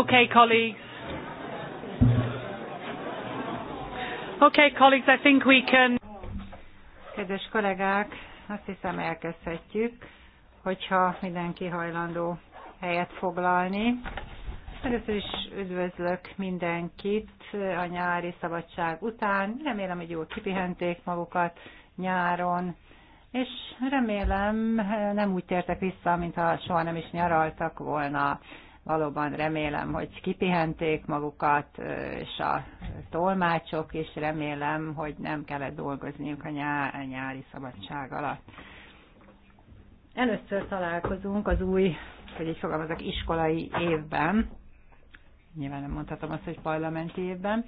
Okay, colleagues. Okay, colleagues, I think we can... Kedves kollégák, azt hiszem elkezdhetjük, hogyha mindenki hajlandó helyet foglalni. Először is üdvözlök mindenkit a nyári szabadság után. Remélem, hogy jól kipihenték magukat nyáron, és remélem nem úgy tértek vissza, mintha soha nem is nyaraltak volna. Valóban remélem, hogy kipihenték magukat, és a tolmácsok is remélem, hogy nem kellett dolgozniuk a, nyári szabadság alatt. Először találkozunk az új, hogy így fogalmazok, iskolai évben. Nyilván nem mondhatom azt, hogy parlamenti évben.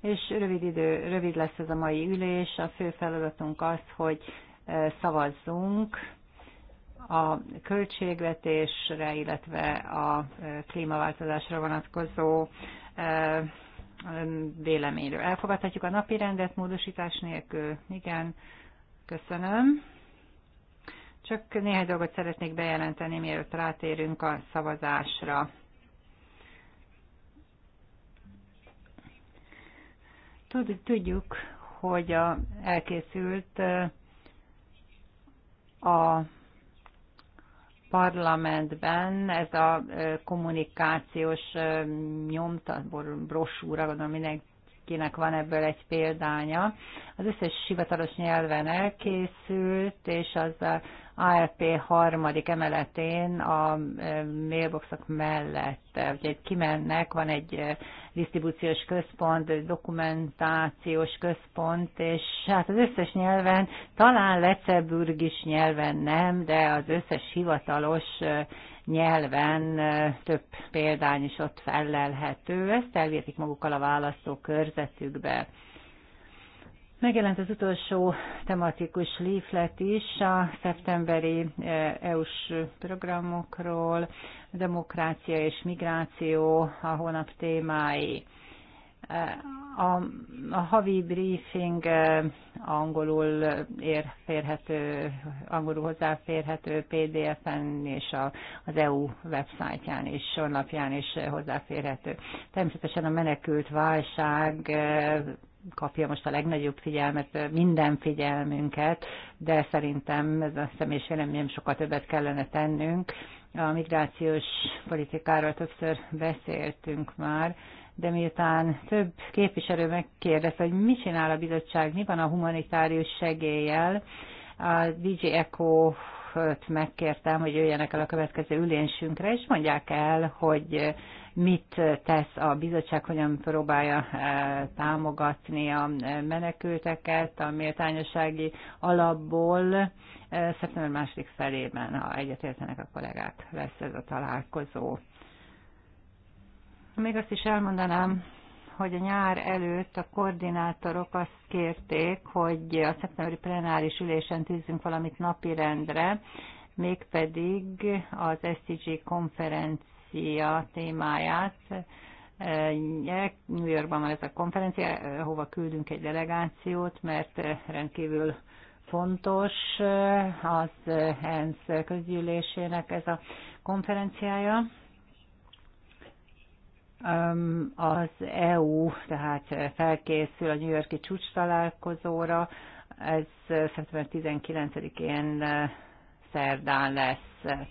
És rövid idő, rövid lesz ez a mai ülés. A fő feladatunk az, hogy eh, szavazzunk a költségvetésre, illetve a e, klímaváltozásra vonatkozó e, véleményről. Elfogadhatjuk a napi rendet módosítás nélkül. Igen, köszönöm. Csak néhány dolgot szeretnék bejelenteni, mielőtt rátérünk a szavazásra. Tudjuk, hogy a, elkészült e, a parlamentben ez a kommunikációs nyomta, brosúra, gondolom mindenki mindenkinek van ebből egy példánya. Az összes hivatalos nyelven elkészült, és az a ARP harmadik emeletén a e, mailboxok mellett. egy kimennek, van egy e, disztribúciós központ, dokumentációs központ, és hát az összes nyelven, talán Leceburg is nyelven nem, de az összes hivatalos e, nyelven több példány is ott fellelhető. Ezt elvétik magukkal a választók körzetükbe. Megjelent az utolsó tematikus leaflet is a szeptemberi EU-s programokról, demokrácia és migráció a hónap témái. A, a havi briefing eh, angolul férhető, angolul hozzáférhető PDF-en és a, az EU websájtján és honlapján is hozzáférhető. Természetesen a menekült válság eh, kapja most a legnagyobb figyelmet, eh, minden figyelmünket, de szerintem ez a személyes véleményem sokkal többet kellene tennünk a migrációs politikáról többször beszéltünk már, de miután több képviselő megkérdezte, hogy mi csinál a bizottság, mi van a humanitárius segéllyel, a DJ Echo megkértem, hogy jöjjenek el a következő ülésünkre, és mondják el, hogy mit tesz a bizottság, hogyan próbálja eh, támogatni a eh, menekülteket a méltányossági alapból. Eh, szeptember második felében, ha egyetértenek a kollégák, lesz ez a találkozó. Még azt is elmondanám, hogy a nyár előtt a koordinátorok azt kérték, hogy a szeptemberi plenáris ülésen tűzzünk valamit rendre, mégpedig az SDG konferencia konferencia témáját. New Yorkban van ez a konferencia, hova küldünk egy delegációt, mert rendkívül fontos az ENSZ közgyűlésének ez a konferenciája. Az EU tehát felkészül a New Yorki csúcs találkozóra, ez szeptember 19-én szerdán lesz.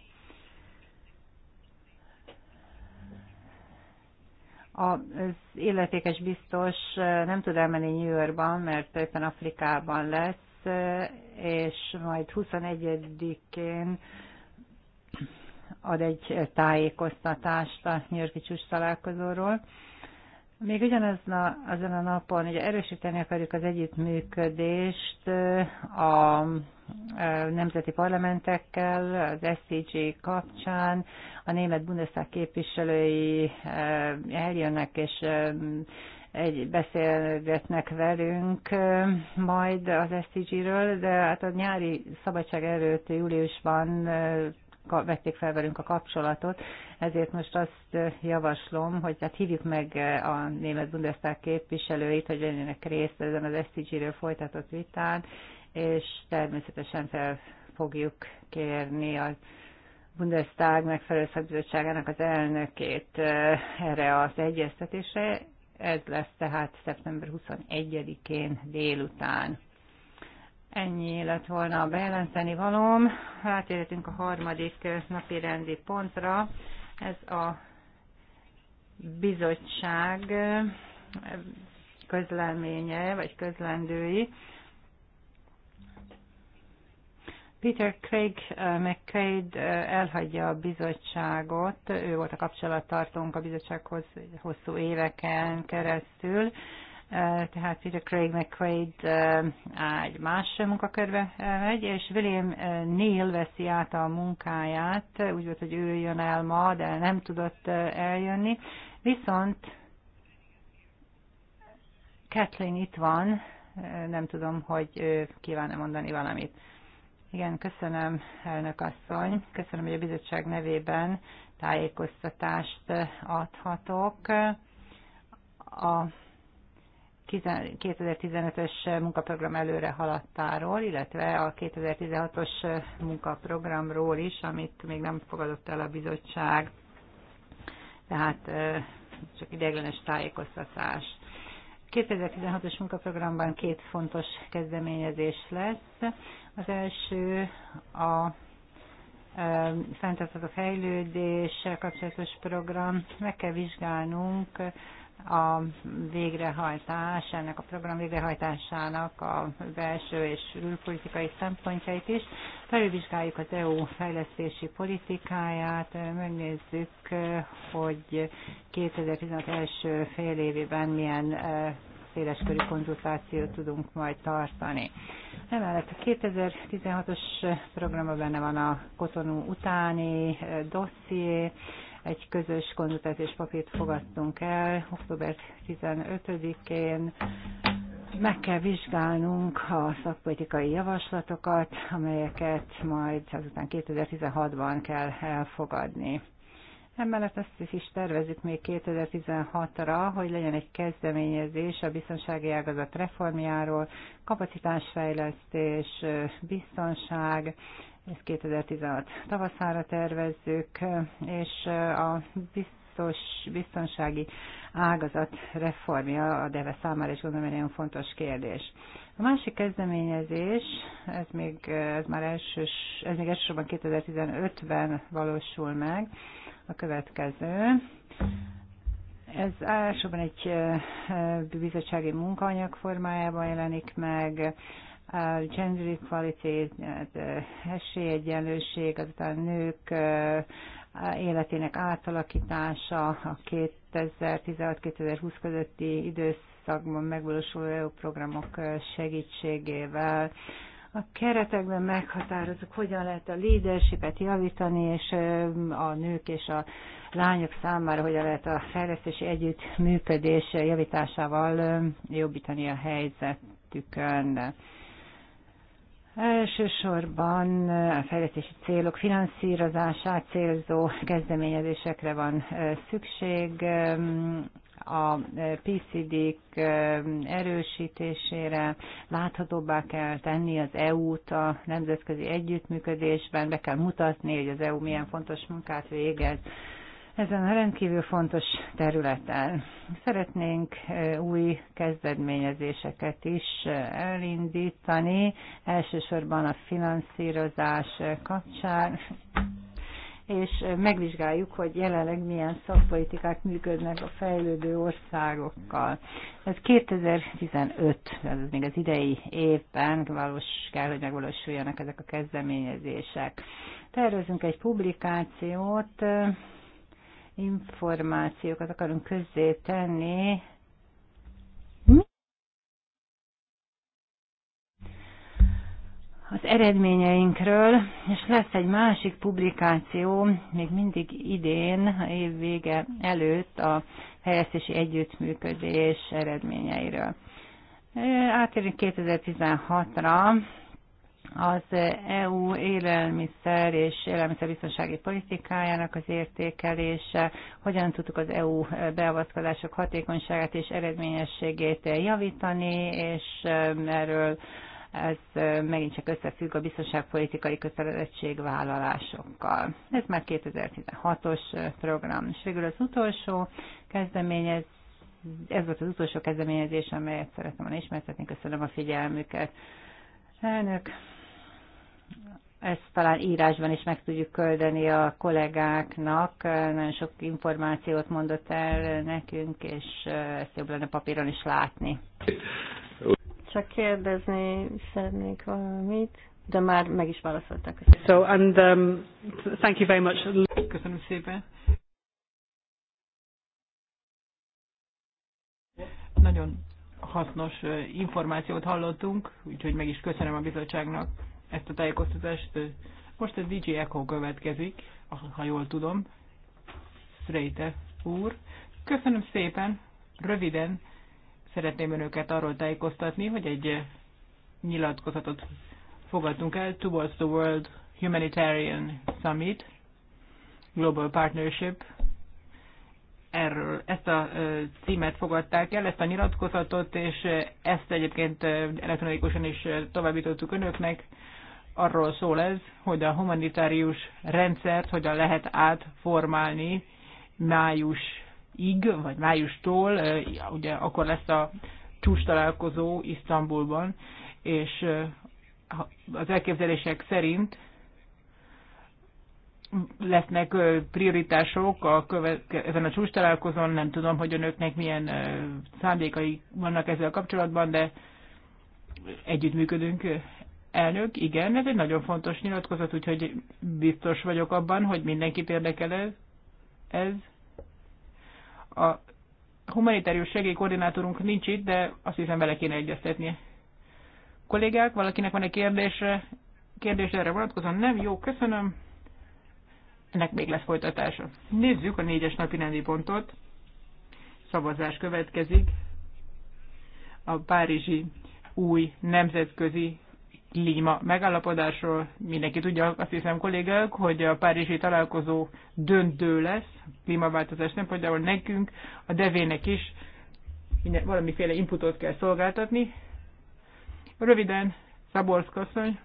az illetékes biztos nem tud elmenni New Yorkban, mert éppen Afrikában lesz, és majd 21-én ad egy tájékoztatást a New Yorki csúcs találkozóról. Még na, azon a napon ugye erősíteni akarjuk az együttműködést a nemzeti parlamentekkel, az SCG kapcsán. A német Bundestag képviselői eljönnek és egy beszélgetnek velünk majd az SCG-ről, de hát a nyári szabadság előtt júliusban vették fel velünk a kapcsolatot, ezért most azt javaslom, hogy hát hívjuk meg a német Bundestag képviselőit, hogy vennének részt ezen az scg ről folytatott vitán, és természetesen fel fogjuk kérni a Bundestag megfelelő szakbizottságának az elnökét erre az egyeztetésre. Ez lesz tehát szeptember 21-én délután. Ennyi lett volna a bejelenteni valóm. Átérhetünk a harmadik napi rendi pontra. Ez a bizottság közleménye, vagy közlendői. Peter Craig eh, McQuaid eh, elhagyja a bizottságot, ő volt a kapcsolattartónk a bizottsághoz hosszú éveken keresztül, Eh, tehát Peter Craig McQuaid eh, egy más munkakörbe eh, megy, és William Neil veszi át a munkáját, úgy volt, hogy ő jön el ma, de nem tudott eljönni, viszont Kathleen itt van, nem tudom, hogy kíván-e mondani valamit. Igen, köszönöm, elnök asszony. Köszönöm, hogy a bizottság nevében tájékoztatást adhatok. A 2015-ös munkaprogram előre haladtáról, illetve a 2016-os munkaprogramról is, amit még nem fogadott el a bizottság. Tehát csak ideiglenes tájékoztatás. 2016-os munkaprogramban két fontos kezdeményezés lesz. Az első a fenntartható fejlődéssel kapcsolatos program. Meg kell vizsgálnunk a végrehajtás, ennek a program végrehajtásának a belső és külpolitikai szempontjait is. Felülvizsgáljuk az EU fejlesztési politikáját, megnézzük, hogy 2016 első fél évében milyen e, széleskörű konzultációt tudunk majd tartani. Emellett a 2016-os programban benne van a Kotonú utáni e, dosszié, egy közös konzultációs papírt fogadtunk el október 15-én. Meg kell vizsgálnunk a szakpolitikai javaslatokat, amelyeket majd azután 2016-ban kell elfogadni. Emellett azt is tervezzük még 2016-ra, hogy legyen egy kezdeményezés a biztonsági ágazat reformjáról, kapacitásfejlesztés, biztonság, ezt 2016 tavaszára tervezzük, és a biztos, biztonsági ágazat reformja a DEVE számára is gondolom egy nagyon fontos kérdés. A másik kezdeményezés, ez még, ez már elsős, ez még elsősorban 2015-ben valósul meg, a következő. Ez elsősorban egy eh, bizottsági munkaanyag formájában jelenik meg, a gender equality, hát, esélyegyenlőség, azután nők életének átalakítása, a 2016-2020 közötti időszakban megvalósuló EU programok segítségével, a keretekben meghatározunk, hogyan lehet a leadershipet javítani, és a nők és a lányok számára hogyan lehet a fejlesztési együttműködés javításával jobbítani a helyzetükön. Elsősorban a fejlesztési célok finanszírozását célzó kezdeményezésekre van szükség, a PCD-k erősítésére, láthatóbbá kell tenni az EU-t a nemzetközi együttműködésben, be kell mutatni, hogy az EU milyen fontos munkát végez ezen a rendkívül fontos területen. Szeretnénk új kezdeményezéseket is elindítani, elsősorban a finanszírozás kapcsán, és megvizsgáljuk, hogy jelenleg milyen szakpolitikák működnek a fejlődő országokkal. Ez 2015, ez még az idei évben valós, kell, hogy megvalósuljanak ezek a kezdeményezések. Tervezünk egy publikációt, információkat akarunk közzé tenni, az eredményeinkről, és lesz egy másik publikáció, még mindig idén, a év vége előtt a helyeztési együttműködés eredményeiről. Átérünk 2016-ra, az EU élelmiszer és élelmiszerbiztonsági politikájának az értékelése, hogyan tudtuk az EU beavatkozások hatékonyságát és eredményességét javítani, és um, erről ez um, megint csak összefügg a biztonságpolitikai kötelezettségvállalásokkal. Ez már 2016-os uh, program. És végül az utolsó kezdeményez, ez volt az utolsó kezdeményezés, amelyet szeretném, ismertetni. Köszönöm a figyelmüket. Elnök, ezt talán írásban is meg tudjuk küldeni a kollégáknak. Nagyon sok információt mondott el nekünk, és ezt jobb lenne papíron is látni. Csak kérdezni szeretnék valamit, de már meg is válaszoltak. So, and, um, thank you very much. Köszönöm szépen. Nagyon hasznos információt hallottunk, úgyhogy meg is köszönöm a bizottságnak ezt a tájékoztatást. Most a DJ Echo következik, ha jól tudom. Szrejte úr. Köszönöm szépen, röviden szeretném önöket arról tájékoztatni, hogy egy nyilatkozatot fogadtunk el, Towards the World Humanitarian Summit, Global Partnership, erről, ezt a címet fogadták el, ezt a nyilatkozatot, és ezt egyébként elektronikusan is továbbítottuk önöknek arról szól ez, hogy a humanitárius rendszert hogyan lehet átformálni májusig, vagy májustól, ugye akkor lesz a csúcs találkozó Isztambulban, és az elképzelések szerint lesznek prioritások a követke, ezen a csúcs találkozón, nem tudom, hogy önöknek milyen szándékai vannak ezzel kapcsolatban, de együttműködünk Elnök, igen, ez egy nagyon fontos nyilatkozat, úgyhogy biztos vagyok abban, hogy mindenkit érdekel ez. ez. A humanitárius segélykoordinátorunk nincs itt, de azt hiszem vele kéne egyeztetnie. Kollégák, valakinek van egy kérdése, kérdés erre vonatkozóan? Nem? Jó, köszönöm. Ennek még lesz folytatása. Nézzük a négyes napi rendi pontot. Szavazás következik. A Párizsi új nemzetközi klíma megállapodásról. Mindenki tudja, azt hiszem kollégák, hogy a párizsi találkozó döntő lesz klímaváltozás szempontjából nekünk, a devének is minden, valamiféle inputot kell szolgáltatni. Röviden, Szaborsz köszönj,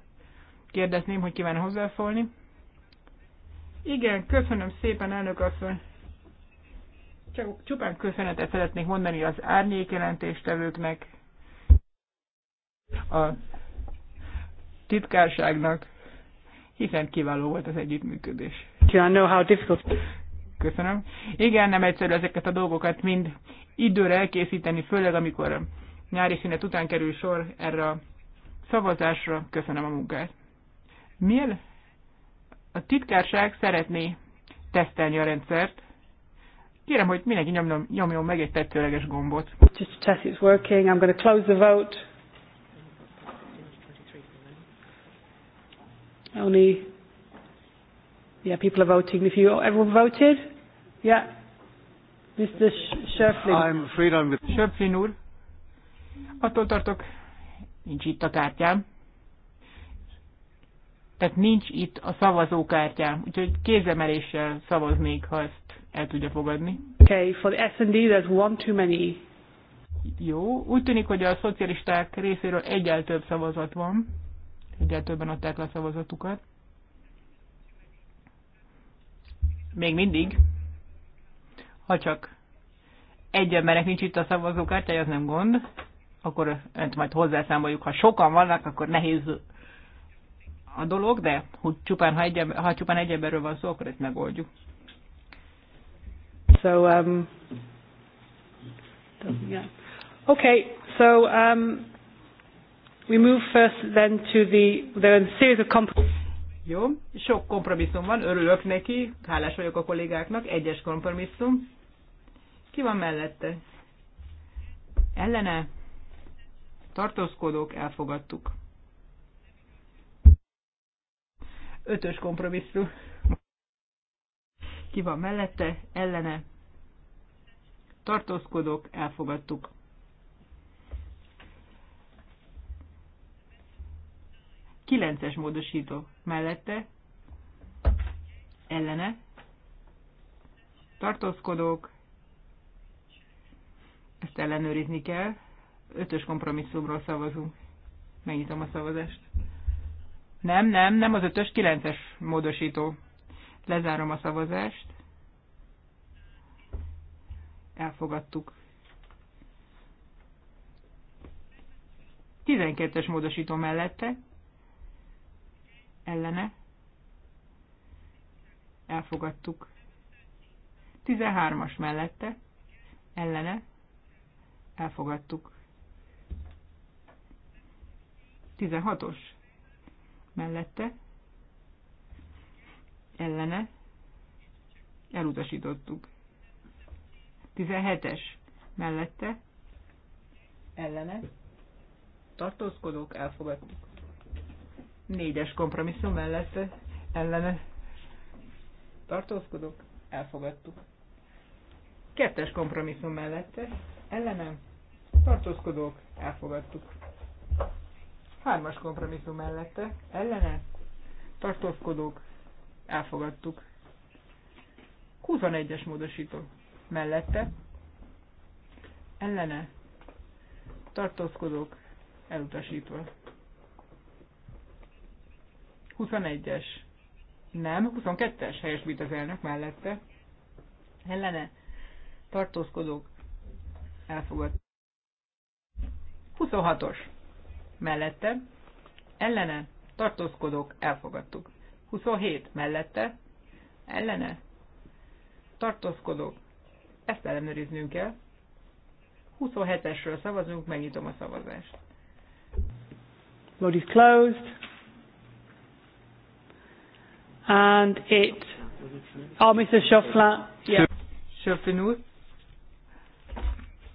kérdezném, hogy kíván hozzászólni. Igen, köszönöm szépen, elnök asszony. Csak csupán köszönetet szeretnék mondani az jelentéstevőknek. a titkárságnak, hiszen kiváló volt az együttműködés. Köszönöm. Igen, nem egyszerű ezeket a dolgokat mind időre elkészíteni, főleg amikor nyári szünet után kerül sor erre a szavazásra. Köszönöm a munkát. Miel a titkárság szeretné tesztelni a rendszert, kérem, hogy mindenki nyomjon, nyomjon meg egy tetszőleges gombot. Just test it's working. I'm going to close the vote. Only, yeah, people are voting. If you everyone voted, yeah. Mr. Schöpflin. I'm afraid I'm with... Schöpflin úr, attól tartok, nincs itt a kártyám. Tehát nincs itt a szavazókártyám, úgyhogy kézemeléssel szavaznék, ha ezt el tudja fogadni. Okay, for the S&D there's one too many. Jó, úgy tűnik, hogy a szocialisták részéről egyel több szavazat van egyre többen adták le a szavazatukat. Még mindig, ha csak egy embernek nincs itt a szavazókártyája, az nem gond, akkor önt majd hozzászámoljuk. Ha sokan vannak, akkor nehéz a dolog, de hogy csupán, ha, egy, ember, ha csupán egy emberről van szó, akkor ezt megoldjuk. So, um, yeah. Okay, so um, We move first then to the, the series of compromises. Jó, sok kompromisszum van, örülök neki, hálás vagyok a kollégáknak, egyes kompromisszum. Ki van mellette? Ellene? Tartózkodók, elfogadtuk. Ötös kompromisszum. Ki van mellette? Ellene? Tartózkodók, elfogadtuk. 9-es módosító mellette ellene tartózkodók, ezt ellenőrizni kell, ötös kompromisszumról szavazunk. Megnyitom a szavazást. Nem, nem, nem az ötös, kilences módosító. Lezárom a szavazást. Elfogadtuk. 12-es módosító mellette ellene elfogadtuk. 13-as mellette ellene elfogadtuk. 16-os mellette ellene elutasítottuk. 17-es mellette ellene tartózkodók elfogadtuk. Négyes kompromisszum mellett ellene tartózkodok, elfogadtuk. Kettes kompromisszum mellett ellene tartózkodok, elfogadtuk. Hármas kompromisszum mellette ellene tartózkodok, elfogadtuk. 21-es módosító mellette ellene tartózkodók, elutasítva. 21-es. Nem, 22-es helyesbít az elnök mellette. Ellene tartózkodók elfogadták. 26-os mellette. Ellene tartózkodók elfogadtuk. 27 mellette. Ellene tartózkodók. Ezt ellenőriznünk kell. 27-esről szavazunk, megnyitom a szavazást. Vote is closed and it. Oh, Mr. Schöfflin. Yeah.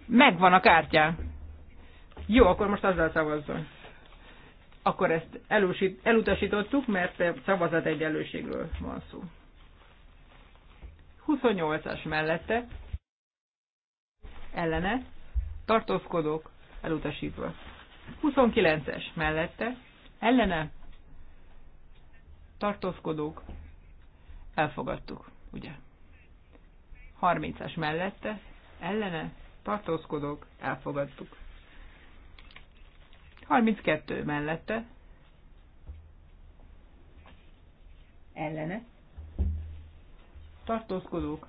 Megvan a kártya. Jó, akkor most azzal szavazzon. Akkor ezt elusít, elutasítottuk, mert szavazat egyenlőségről van szó. 28-as mellette ellene tartózkodók elutasítva. 29-es mellette ellene tartózkodók, elfogadtuk, ugye? 30-as mellette, ellene, tartózkodók, elfogadtuk. 32 mellette, ellene, tartózkodók,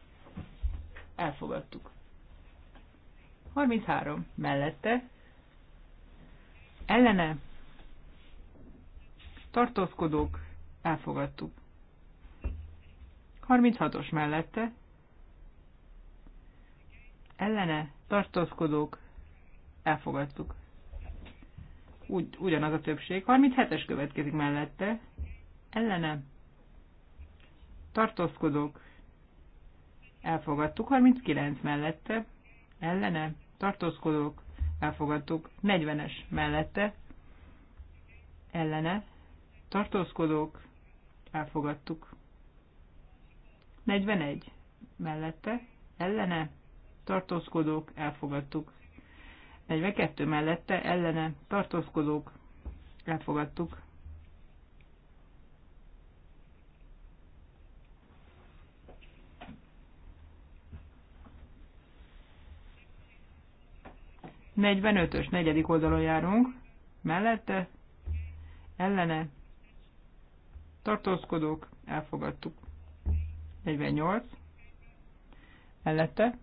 elfogadtuk. 33 mellette, ellene, tartózkodók, Elfogadtuk. 36-os mellette. Ellene tartózkodók. Elfogadtuk. Ugy, ugyanaz a többség. 37-es következik mellette. Ellene tartózkodók. Elfogadtuk. 39 mellette. Ellene tartózkodók. Elfogadtuk. 40-es mellette. Ellene tartózkodók elfogadtuk. 41 mellette, ellene, tartózkodók, elfogadtuk. 42 mellette, ellene, tartózkodók, elfogadtuk. Negyvenötös negyedik oldalon járunk, mellette, ellene, tartózkodók, elfogadtuk. 48, mellette,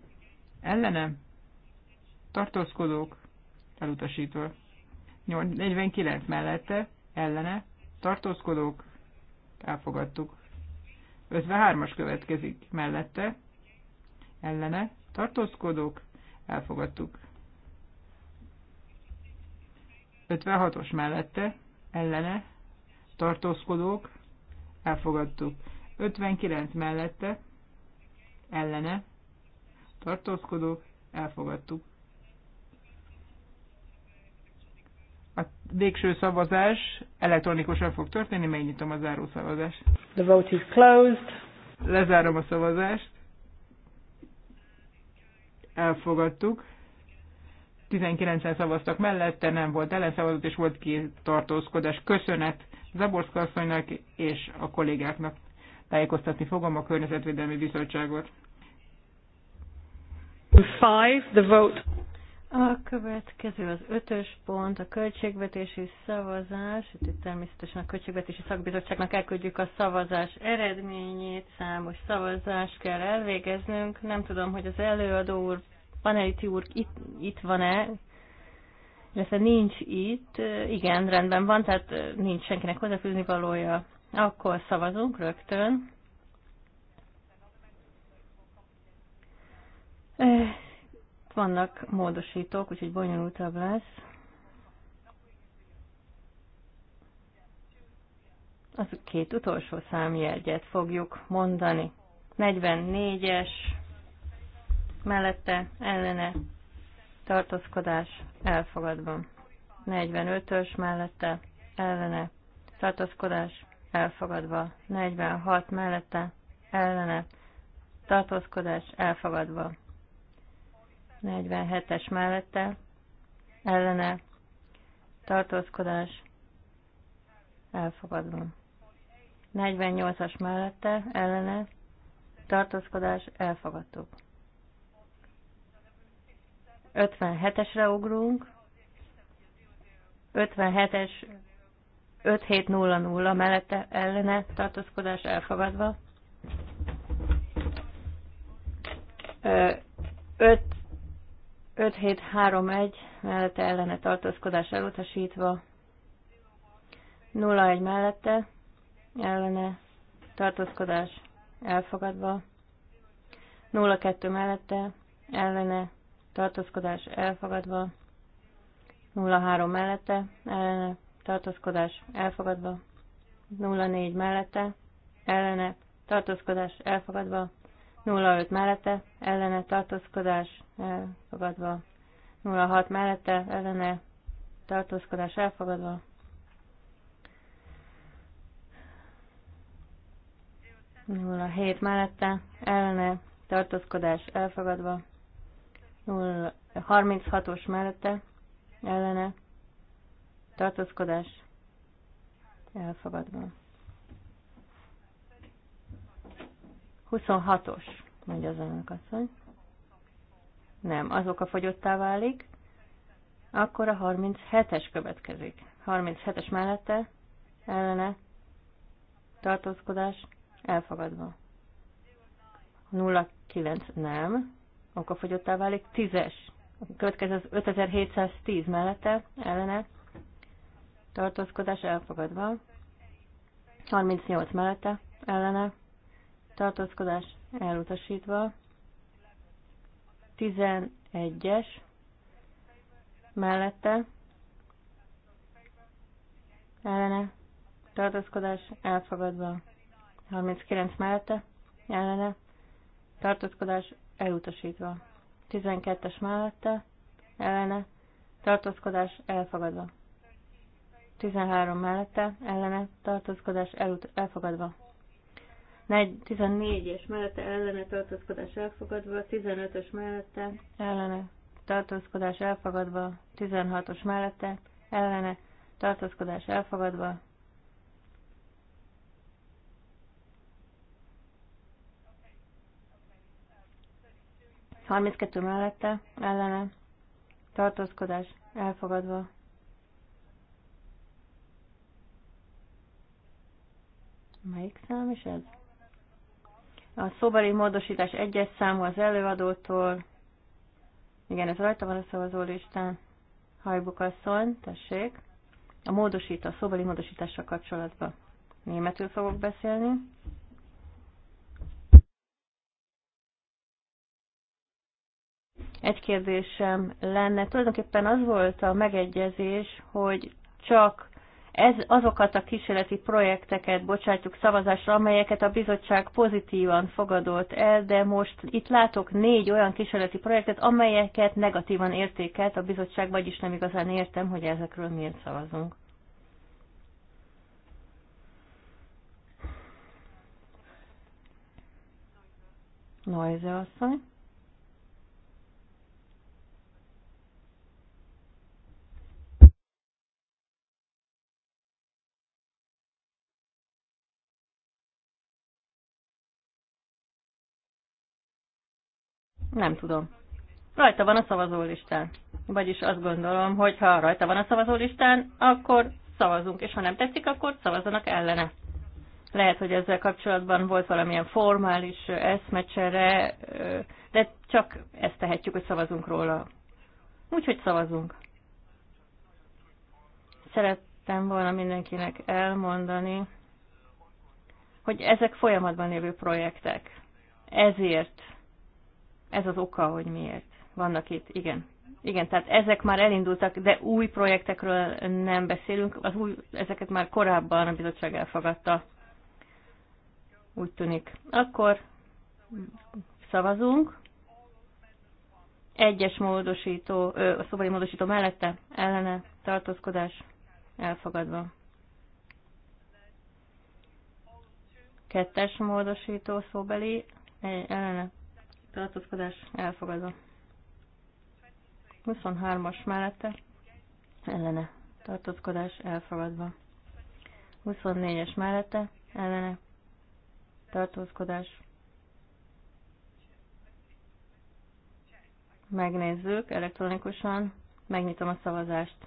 ellene, tartózkodók, elutasítva. 49 mellette, ellene, tartózkodók, elfogadtuk. 53-as következik mellette, ellene, tartózkodók, elfogadtuk. 56-os mellette, ellene, tartózkodók, elfogadtuk. 59 mellette, ellene, tartózkodók, elfogadtuk. A végső szavazás elektronikusan fog történni, megnyitom a záró szavazást. The vote is closed. Lezárom a szavazást. Elfogadtuk. 19-en szavaztak mellette, nem volt ellenszavazat, és volt ki tartózkodás. Köszönet Zaborszka asszonynak és a kollégáknak. Tájékoztatni fogom a Környezetvédelmi Bizottságot. Five, the vote. A következő az ötös pont, a költségvetési szavazás. Itt természetesen a költségvetési szakbizottságnak elküldjük a szavazás eredményét, számos szavazást kell elvégeznünk. Nem tudom, hogy az előadó úr Paneliti úr itt, itt van-e, illetve nincs itt, igen, rendben van, tehát nincs senkinek hozzáfűzni valója. Akkor szavazunk rögtön. Vannak módosítók, úgyhogy bonyolultabb lesz. Az két utolsó számjegyet fogjuk mondani. 44-es mellette ellene tartózkodás elfogadva. 45-ös mellette ellene tartózkodás elfogadva. 46 mellette ellene tartózkodás elfogadva. 47-es mellette ellene tartózkodás elfogadva. 48-as mellette ellene tartózkodás elfogadtuk. 57-esre ugrunk. 57-es 5700 mellette ellene tartózkodás elfogadva. 5731 mellette ellene tartózkodás elutasítva. 01 mellette ellene tartózkodás elfogadva. 02 mellette ellene tartózkodás elfogadva, 03 mellette, ellene, tartózkodás elfogadva, 04 mellette, ellene, tartózkodás elfogadva, 05 mellette, ellene, tartózkodás elfogadva, 06 mellette, ellene, tartózkodás elfogadva, 07 mellette, ellene, tartózkodás elfogadva, 36-os mellette ellene tartózkodás elfogadva. 26-os, mondja az önök asszony. Nem, azok a fogyottá válik, akkor a 37-es következik. 37-es mellette ellene tartózkodás elfogadva. 09 nem, okafogyottá válik. Tízes. Következő az 5710 mellette ellene tartózkodás elfogadva. 38 mellette ellene tartózkodás elutasítva. 11-es mellette ellene tartózkodás elfogadva. 39 mellette ellene tartózkodás elutasítva. 12-es mellette, ellene, tartózkodás elfogadva. 13 mellette, ellene, tartózkodás elut- elfogadva. 14-es mellette, ellene, tartózkodás elfogadva. 15-ös mellette, ellene, tartózkodás elfogadva. 16-os mellette, ellene, tartózkodás elfogadva. 32 mellette ellene tartózkodás elfogadva. Melyik szám is ez? A szobeli módosítás egyes számú az előadótól. Igen, ez rajta van a szavazó listán. Hajbukasszony, tessék. A módosít, a szóbeli módosítással kapcsolatban. Németül fogok beszélni. Egy kérdésem lenne, tulajdonképpen az volt a megegyezés, hogy csak ez, azokat a kísérleti projekteket bocsátjuk szavazásra, amelyeket a bizottság pozitívan fogadott el, de most itt látok négy olyan kísérleti projektet, amelyeket negatívan értékelt a bizottság, vagyis nem igazán értem, hogy ezekről miért szavazunk. Noize asszony. Nem tudom. Rajta van a szavazólistán. Vagyis azt gondolom, hogy ha rajta van a szavazólistán, akkor szavazunk, és ha nem tetszik, akkor szavazzanak ellene. Lehet, hogy ezzel kapcsolatban volt valamilyen formális eszmecsere, de csak ezt tehetjük, hogy szavazunk róla. Úgyhogy szavazunk. Szerettem volna mindenkinek elmondani, hogy ezek folyamatban lévő projektek. Ezért ez az oka, hogy miért vannak itt, igen. Igen, tehát ezek már elindultak, de új projektekről nem beszélünk, az új, ezeket már korábban a bizottság elfogadta. Úgy tűnik. Akkor szavazunk. Egyes módosító, ö, a szobai módosító mellette ellene tartózkodás elfogadva. Kettes módosító szóbeli ellene tartózkodás elfogadva. 23-as mellette ellene tartózkodás elfogadva. 24-es mellette ellene tartózkodás. Megnézzük elektronikusan, megnyitom a szavazást.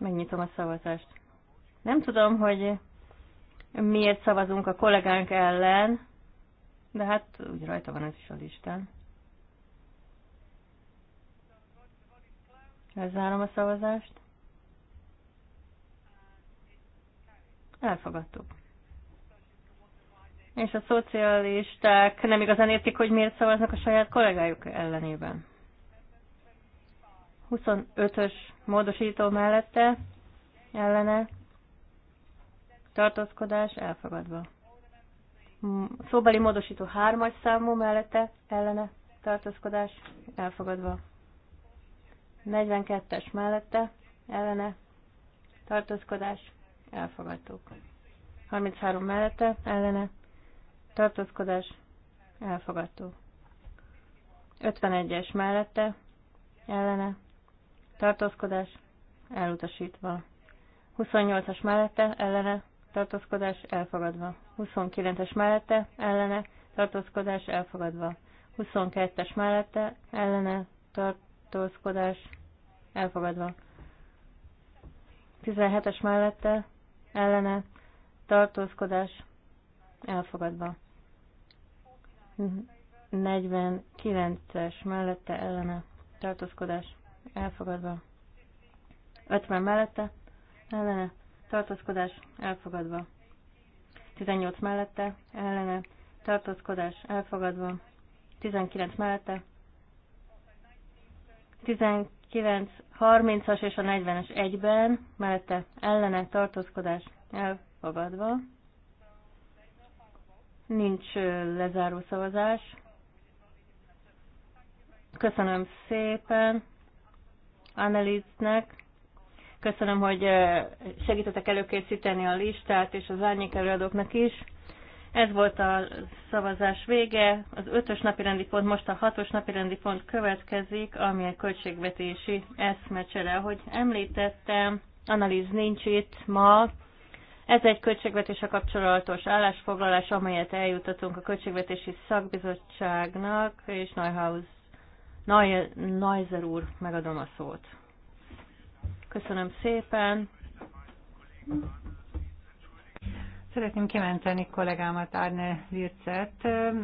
Megnyitom a szavazást. Nem tudom, hogy miért szavazunk a kollégánk ellen, de hát úgy rajta van ez is a listán. Lezárom a szavazást. Elfogadtuk. És a szocialisták nem igazán értik, hogy miért szavaznak a saját kollégájuk ellenében. 25-ös módosító mellette ellene tartózkodás elfogadva. Szóbeli módosító hármas számú mellette ellene tartózkodás elfogadva. 42-es mellette ellene tartózkodás elfogadtuk. 33 mellette ellene tartózkodás elfogadtuk. 51-es mellette ellene tartózkodás elutasítva. 28-as mellette ellene tartózkodás elfogadva. 29-es mellette ellene tartózkodás elfogadva. 22-es mellette ellene tartózkodás elfogadva. 17-es mellette ellene tartózkodás elfogadva. 49-es mellette ellene tartózkodás elfogadva. 50 mellette ellene tartózkodás elfogadva. 18 mellette, ellene, tartózkodás elfogadva. 19 mellette, 19, 30-as és a 40-es egyben, mellette ellene tartózkodás elfogadva. Nincs lezáró szavazás. Köszönöm szépen Annelisnek. Köszönöm, hogy segítetek előkészíteni a listát, és az árnyék előadóknak is. Ez volt a szavazás vége. Az ötös napirendi pont most a hatos napirendi pont következik, ami a költségvetési eszmecsere. Ahogy említettem, analíz nincs itt ma. Ez egy költségvetése kapcsolatos állásfoglalás, amelyet eljutatunk a költségvetési szakbizottságnak, és Neuhaus, Neu, Neuser úr, megadom a szót. Köszönöm szépen. Szeretném kimenteni kollégámat, Árne Wircet.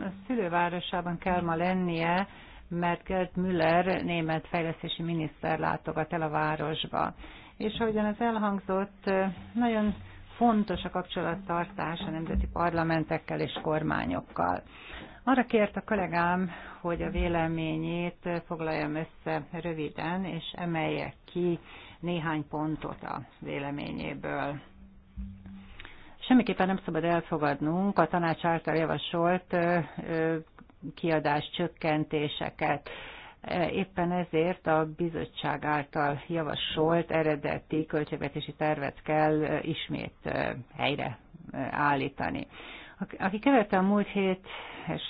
A szülővárosában kell ma lennie, mert Gerd Müller, német fejlesztési miniszter látogat el a városba. És ahogyan ez elhangzott, nagyon fontos a kapcsolattartás a nemzeti parlamentekkel és kormányokkal. Arra kért a kollégám, hogy a véleményét foglaljam össze röviden, és emelje ki néhány pontot a véleményéből. Semmiképpen nem szabad elfogadnunk a tanács által javasolt kiadás csökkentéseket Éppen ezért a bizottság által javasolt eredeti költségvetési tervet kell ismét helyre állítani. Aki követte a múlt hét és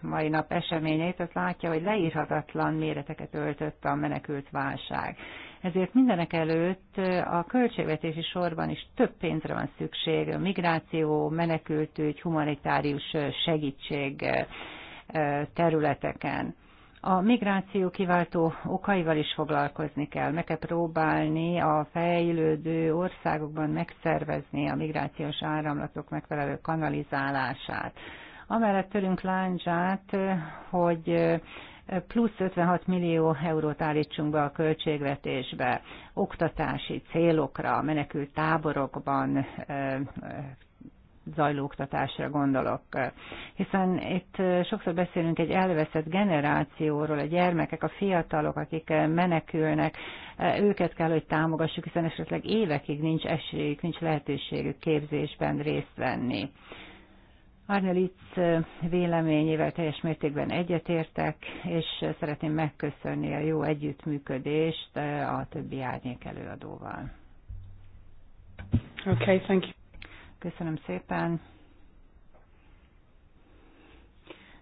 mai nap eseményeit, az látja, hogy leírhatatlan méreteket öltött a menekült válság. Ezért mindenek előtt a költségvetési sorban is több pénzre van szükség, migráció, menekültügy, humanitárius segítség területeken. A migráció kiváltó okaival is foglalkozni kell. Meg kell próbálni a fejlődő országokban megszervezni a migrációs áramlatok megfelelő kanalizálását. Amellett törünk láncsát, hogy plusz 56 millió eurót állítsunk be a költségvetésbe, oktatási célokra, menekült táborokban zajló oktatásra gondolok. Hiszen itt sokszor beszélünk egy elveszett generációról, a gyermekek, a fiatalok, akik menekülnek, őket kell, hogy támogassuk, hiszen esetleg évekig nincs esélyük, nincs lehetőségük képzésben részt venni. Arnelitz véleményével teljes mértékben egyetértek, és szeretném megköszönni a jó együttműködést a többi árnyék előadóval. Okay, thank you. Köszönöm szépen.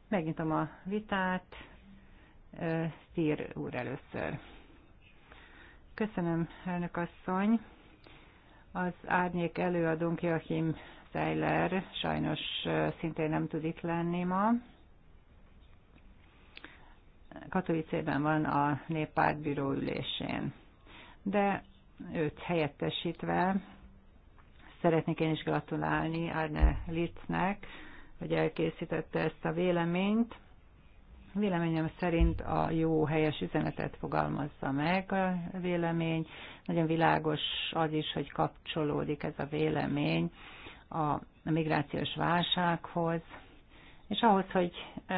Megnyitom a vitát. Szír úr először. Köszönöm, elnök asszony. Az árnyék előadónk Joachim Zeiler sajnos szintén nem tud itt lenni ma. Katowicében van a néppártbíró ülésén. De őt helyettesítve Szeretnék én is gratulálni Arne Litznek, hogy elkészítette ezt a véleményt. Véleményem szerint a jó, helyes üzenetet fogalmazza meg a vélemény. Nagyon világos az is, hogy kapcsolódik ez a vélemény a migrációs válsághoz, és ahhoz, hogy e,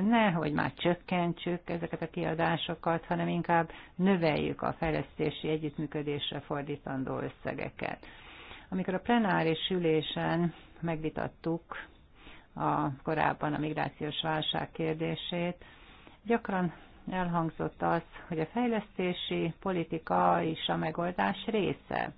ne, hogy már csökkentsük ezeket a kiadásokat, hanem inkább növeljük a fejlesztési együttműködésre fordítandó összegeket. Amikor a plenáris ülésen megvitattuk a korábban a migrációs válság kérdését, gyakran elhangzott az, hogy a fejlesztési politika is a megoldás része.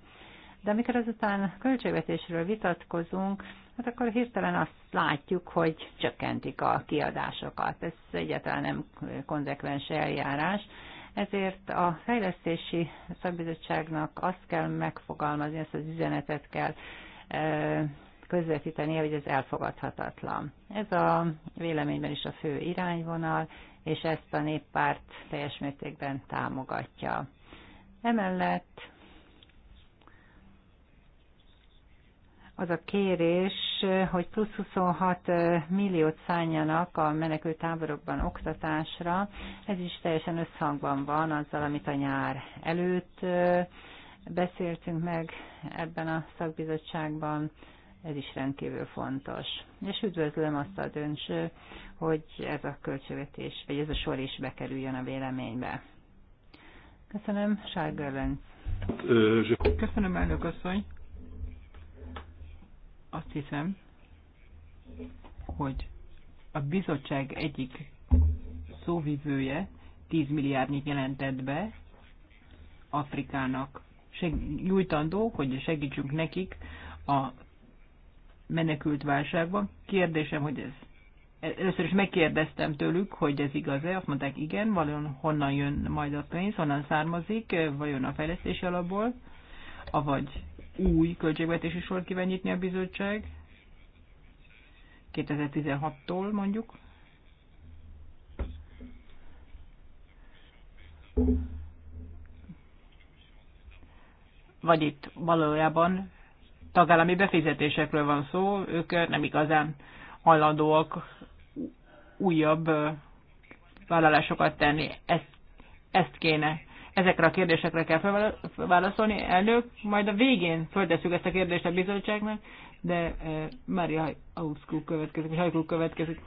De amikor azután költségvetésről vitatkozunk, hát akkor hirtelen azt látjuk, hogy csökkentik a kiadásokat. Ez egyáltalán nem konzekvens eljárás. Ezért a fejlesztési szakbizottságnak azt kell megfogalmazni, ezt az üzenetet kell közvetíteni, hogy ez elfogadhatatlan. Ez a véleményben is a fő irányvonal, és ezt a néppárt teljes mértékben támogatja. Emellett az a kérés, hogy plusz 26 milliót szálljanak a menekültáborokban oktatásra. Ez is teljesen összhangban van azzal, amit a nyár előtt beszéltünk meg ebben a szakbizottságban. Ez is rendkívül fontos. És üdvözlöm azt a döntső, hogy ez a költségvetés, vagy ez a sor is bekerüljön a véleménybe. Köszönöm, Sárgörlön. Köszönöm, elnök asszony. Azt hiszem, hogy a bizottság egyik szóvivője 10 milliárdnyit jelentett be Afrikának seg- nyújtandó, hogy segítsünk nekik a menekült válságban. Kérdésem, hogy ez először is megkérdeztem tőlük, hogy ez igaz-e, azt mondták igen, vajon honnan jön majd a pénz, honnan származik, vajon a fejlesztési alapból, avagy új költségvetési sor kíván nyitni a bizottság, 2016-tól mondjuk. Vagy itt valójában tagállami befizetésekről van szó, ők nem igazán hajlandóak újabb vállalásokat tenni. Ezt, ezt kéne Ezekre a kérdésekre kell válaszolni, elnök, majd a végén föltesszük ezt a kérdést a bizottságnak, de eh, Mária Auszkú következik, és következik.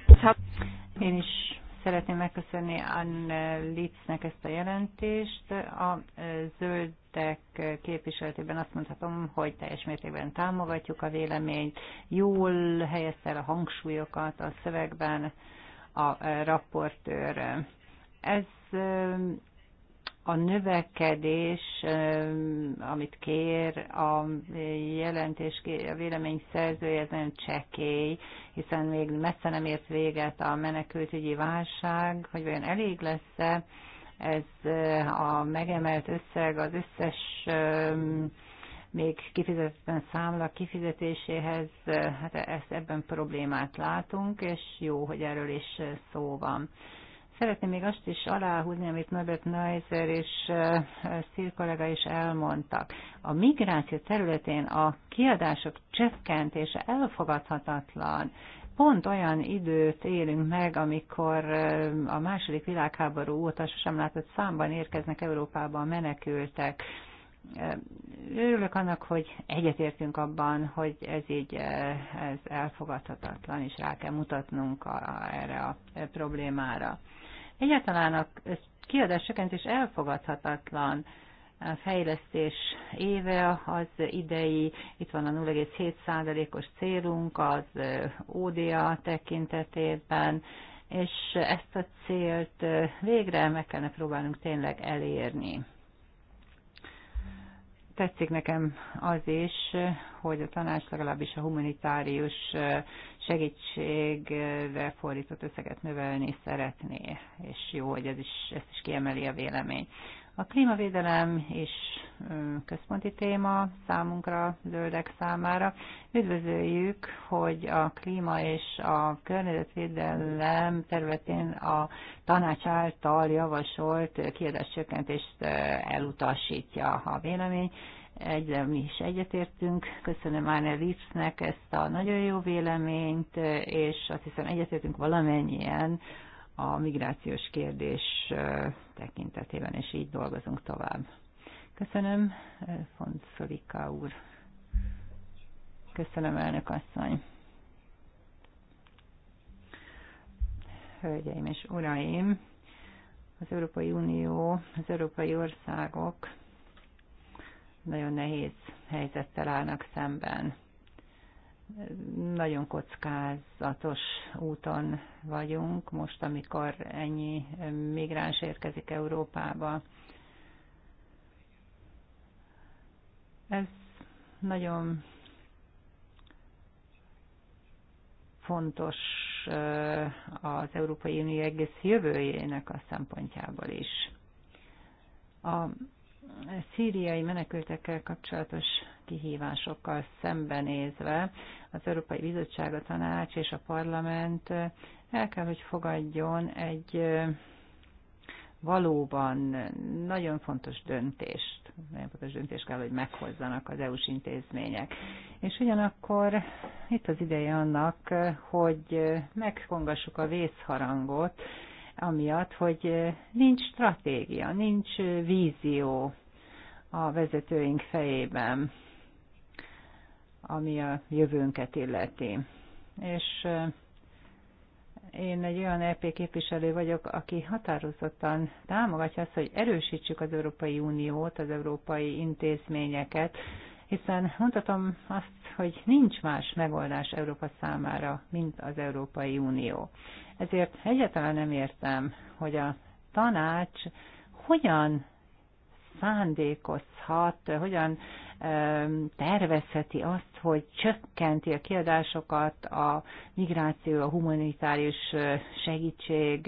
Én is szeretném megköszönni Anne Litznek ezt a jelentést. A eh, zöldek képviseletében azt mondhatom, hogy teljes mértékben támogatjuk a véleményt, jól helyezte el a hangsúlyokat a szövegben a eh, raportőr. Ez a növekedés, amit kér a jelentés, a vélemény szerzője, ez nagyon csekély, hiszen még messze nem ért véget a menekültügyi válság, hogy olyan elég lesz-e ez a megemelt összeg az összes még kifizetetlen számla kifizetéséhez, hát ezt ebben problémát látunk, és jó, hogy erről is szó van. Szeretném még azt is aláhúzni, amit Norbert Neiser és Szil kollega is elmondtak. A migráció területén a kiadások csökkentése elfogadhatatlan. Pont olyan időt élünk meg, amikor a második világháború óta sosem látott számban érkeznek Európába a menekültek. Örülök annak, hogy egyetértünk abban, hogy ez így ez elfogadhatatlan, és rá kell mutatnunk a, erre a problémára. Egyáltalán a kiadás csökkentés elfogadhatatlan fejlesztés éve az idei, itt van a 0,7%-os célunk az ODA tekintetében, és ezt a célt végre meg kellene próbálnunk tényleg elérni. Tetszik nekem az is, hogy a tanács legalábbis a humanitárius segítségre fordított összeget növelni szeretné, és jó, hogy ez is, ezt is kiemeli a vélemény. A klímavédelem is központi téma számunkra, zöldek számára. Üdvözöljük, hogy a klíma és a környezetvédelem területén a tanács által javasolt csökkentést elutasítja a vélemény. Egyre mi is egyetértünk. Köszönöm Arne Lipsnek ezt a nagyon jó véleményt, és azt hiszem egyetértünk valamennyien a migrációs kérdés tekintetében, és így dolgozunk tovább. Köszönöm, Fonszolika úr. Köszönöm, elnök asszony. Hölgyeim és uraim, az Európai Unió, az európai országok nagyon nehéz helyzettel állnak szemben nagyon kockázatos úton vagyunk most, amikor ennyi migráns érkezik Európába. Ez nagyon fontos az Európai Unió egész jövőjének a szempontjából is. A szíriai menekültekkel kapcsolatos kihívásokkal szembenézve az Európai Bizottság, a Tanács és a Parlament el kell, hogy fogadjon egy valóban nagyon fontos döntést, nagyon fontos döntést kell, hogy meghozzanak az EU-s intézmények. És ugyanakkor itt az ideje annak, hogy megkongassuk a vészharangot, amiatt, hogy nincs stratégia, nincs vízió a vezetőink fejében, ami a jövőnket illeti. És én egy olyan EP képviselő vagyok, aki határozottan támogatja azt, hogy erősítsük az Európai Uniót, az európai intézményeket, hiszen mondhatom azt, hogy nincs más megoldás Európa számára, mint az Európai Unió. Ezért egyáltalán nem értem, hogy a tanács hogyan szándékozhat, hogyan tervezheti azt, hogy csökkenti a kiadásokat, a migráció, a humanitárius segítség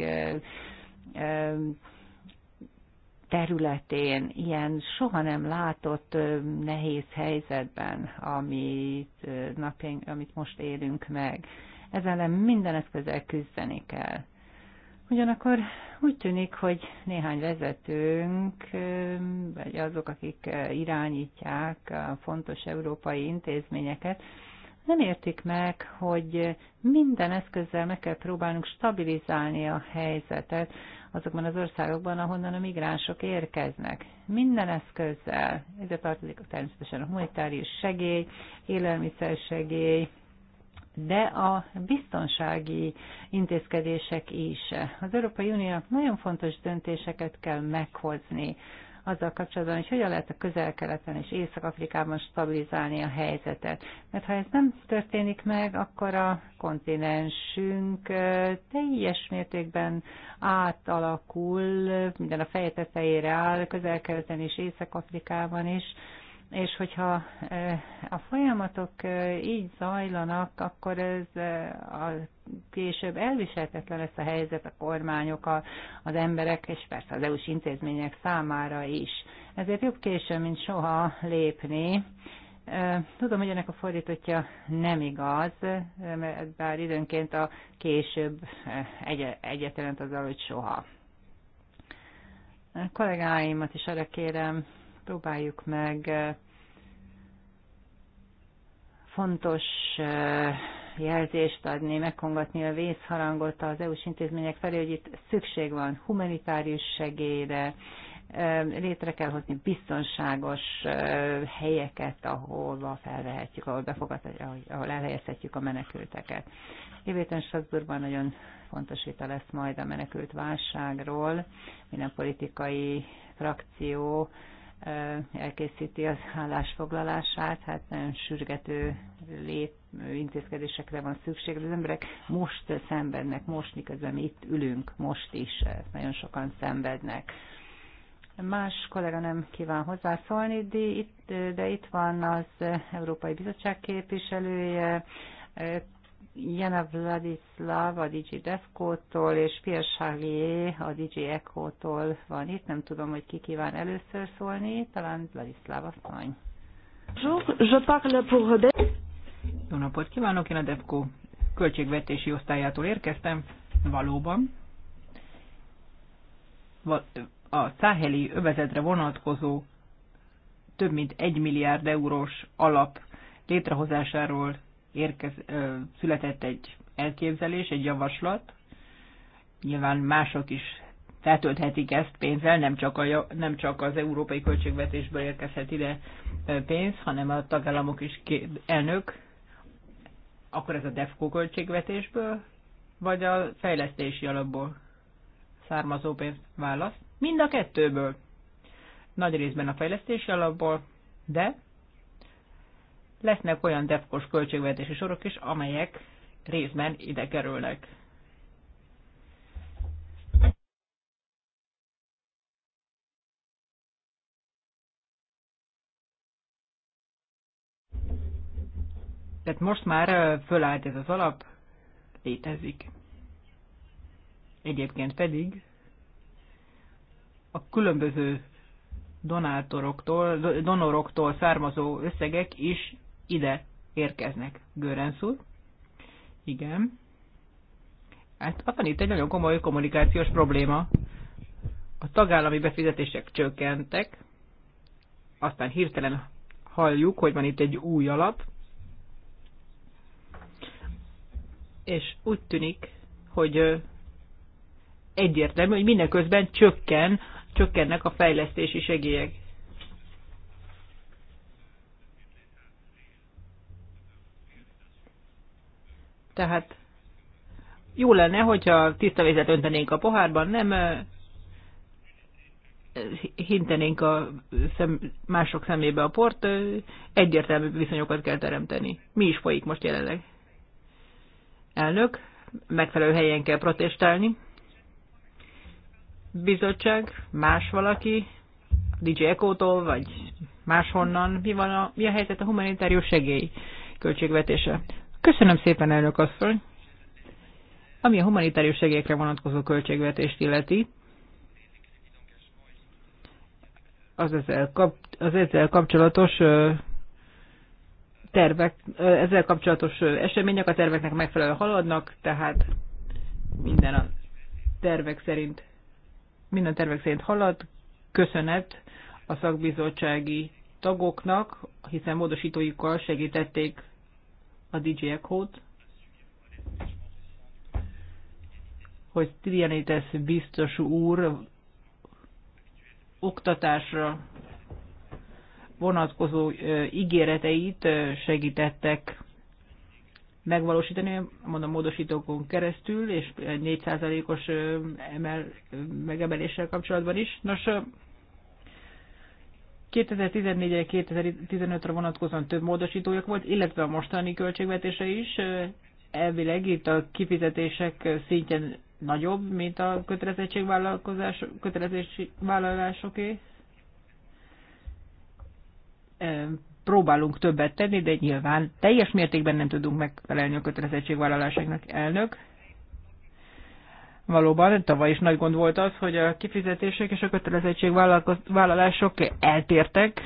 területén ilyen soha nem látott nehéz helyzetben, amit, napjaink, amit most élünk meg. Ezzel ellen minden eszközzel küzdeni kell. Ugyanakkor úgy tűnik, hogy néhány vezetőnk, vagy azok, akik irányítják a fontos európai intézményeket, nem értik meg, hogy minden eszközzel meg kell próbálnunk stabilizálni a helyzetet, azokban az országokban, ahonnan a migránsok érkeznek. Minden eszközzel, ide tartozik természetesen a humanitárius segély, segély, de a biztonsági intézkedések is. Az Európai Uniónak nagyon fontos döntéseket kell meghozni azzal kapcsolatban, hogy hogyan lehet a közel-keleten és Észak-Afrikában stabilizálni a helyzetet. Mert ha ez nem történik meg, akkor a kontinensünk teljes mértékben átalakul, minden a feje tetejére áll, közel-keleten és Észak-Afrikában is, és hogyha a folyamatok így zajlanak, akkor ez a később elviselhetetlen lesz a helyzet a kormányok, a, az emberek, és persze az EU-s intézmények számára is. Ezért jobb későn, mint soha lépni. Tudom, hogy ennek a fordítotja nem igaz, mert bár időnként a később egyetlen az hogy soha. A kollégáimat is arra kérem, próbáljuk meg fontos jelzést adni, megkongatni a vészharangot az EU-s intézmények felé, hogy itt szükség van humanitárius segélyre, létre kell hozni biztonságos helyeket, ahol felvehetjük, ahol befogadhatjuk, ahol elhelyezhetjük a menekülteket. Jövő Strasbourgban nagyon fontos vita lesz majd a menekült válságról. Minden politikai frakció elkészíti az állásfoglalását, hát nagyon sürgető lép intézkedésekre van szükség. Az emberek most szenvednek, most miközben mi itt ülünk, most is hát nagyon sokan szenvednek. Más kollega nem kíván hozzászólni, de itt, de itt van az Európai Bizottság képviselője, Jana Vladislav a DJ Defco-tól és Pierre Charlier a DJ Echo-tól van itt. Nem tudom, hogy ki kíván először szólni, talán Vladislav asszony. Jó napot kívánok, én a Defco költségvetési osztályától érkeztem. Valóban. A száheli övezetre vonatkozó több mint egy milliárd eurós alap létrehozásáról érkez, ö, született egy elképzelés, egy javaslat. Nyilván mások is feltölthetik ezt pénzzel, nem csak, a, nem csak az európai költségvetésből érkezhet ide pénz, hanem a tagállamok is kép, elnök, akkor ez a DEFCO költségvetésből, vagy a fejlesztési alapból származó pénz válasz. Mind a kettőből. Nagy részben a fejlesztési alapból, de lesznek olyan defkos költségvetési sorok is, amelyek részben ide kerülnek. Tehát most már fölállt ez az alap, létezik. Egyébként pedig a különböző donátoroktól, donoroktól származó összegek is ide érkeznek. Görenc Igen. Hát van itt egy nagyon komoly kommunikációs probléma. A tagállami befizetések csökkentek, aztán hirtelen halljuk, hogy van itt egy új alap, és úgy tűnik, hogy egyértelmű, hogy mindeközben csökken, csökkennek a fejlesztési segélyek. Tehát jó lenne, hogyha tiszta vizet öntenénk a pohárban, nem hintenénk a szem, mások szemébe a port, egyértelmű viszonyokat kell teremteni. Mi is folyik most jelenleg? Elnök, megfelelő helyen kell protestálni. Bizottság, más valaki, DJ Eko-tól, vagy máshonnan, mi, van a, mi a helyzet a humanitárius segély költségvetése? Köszönöm szépen, elnök asszony! Ami a humanitárius segélyekre vonatkozó költségvetést illeti, az ezzel, kap, az ezzel kapcsolatos tervek, ezzel kapcsolatos események a terveknek megfelelően haladnak, tehát minden a tervek szerint, minden tervek szerint halad. Köszönet a szakbizottsági tagoknak, hiszen módosítóikkal segítették a DJ Echo-t, hogy Trianites biztos úr oktatásra vonatkozó ígéreteit segítettek megvalósítani, mondom, módosítókon keresztül, és 4%-os emel, megemeléssel kapcsolatban is. Nos, 2014-re, 2015-re vonatkozóan több módosítójuk volt, illetve a mostani költségvetése is elvileg itt a kifizetések szintjén nagyobb, mint a kötelezettségvállalkozás, kötelezettségvállalásoké. Próbálunk többet tenni, de nyilván teljes mértékben nem tudunk megfelelni a kötelezettségvállalásoknak. Elnök, Valóban tavaly is nagy gond volt az, hogy a kifizetések és a vállalások eltértek.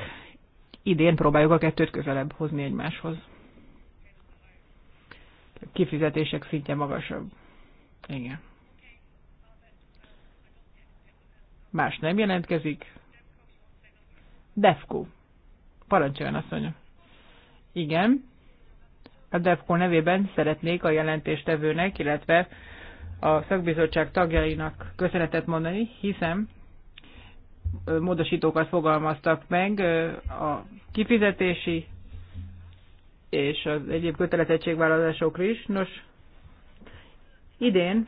Idén próbáljuk a kettőt közelebb hozni egymáshoz. A kifizetések szintje magasabb. Igen. Más nem jelentkezik. Defco. Parancsoljon, asszonyom. Igen. A Defco nevében szeretnék a jelentéstevőnek, illetve a szakbizottság tagjainak köszönetet mondani, hiszen módosítókat fogalmaztak meg a kifizetési és az egyéb kötelezettségvállalásokra is. Nos, idén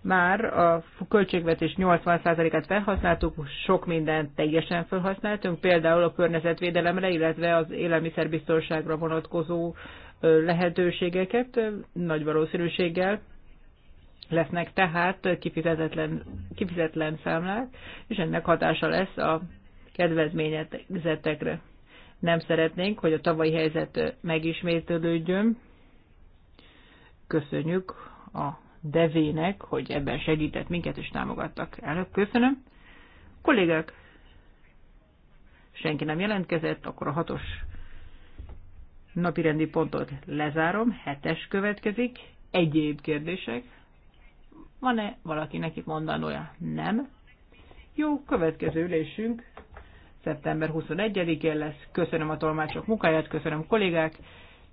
már a költségvetés 80%-át felhasználtuk, sok mindent teljesen felhasználtunk, például a környezetvédelemre, illetve az élelmiszerbiztonságra vonatkozó lehetőségeket nagy valószínűséggel lesznek tehát kifizetetlen, kifizetlen számlák, és ennek hatása lesz a kedvezményezetekre. Nem szeretnénk, hogy a tavalyi helyzet megismétlődjön. Köszönjük a devének, hogy ebben segített minket és támogattak. Elnök, köszönöm. Kollégák, senki nem jelentkezett, akkor a hatos napirendi pontot lezárom, hetes következik, egyéb kérdések. Van-e valaki neki mondanója? Nem. Jó, következő ülésünk szeptember 21-én lesz. Köszönöm a tolmácsok munkáját, köszönöm kollégák.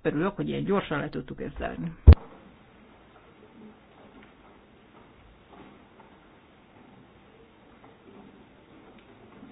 Örülök, hogy ilyen gyorsan le tudtuk ezt zárni.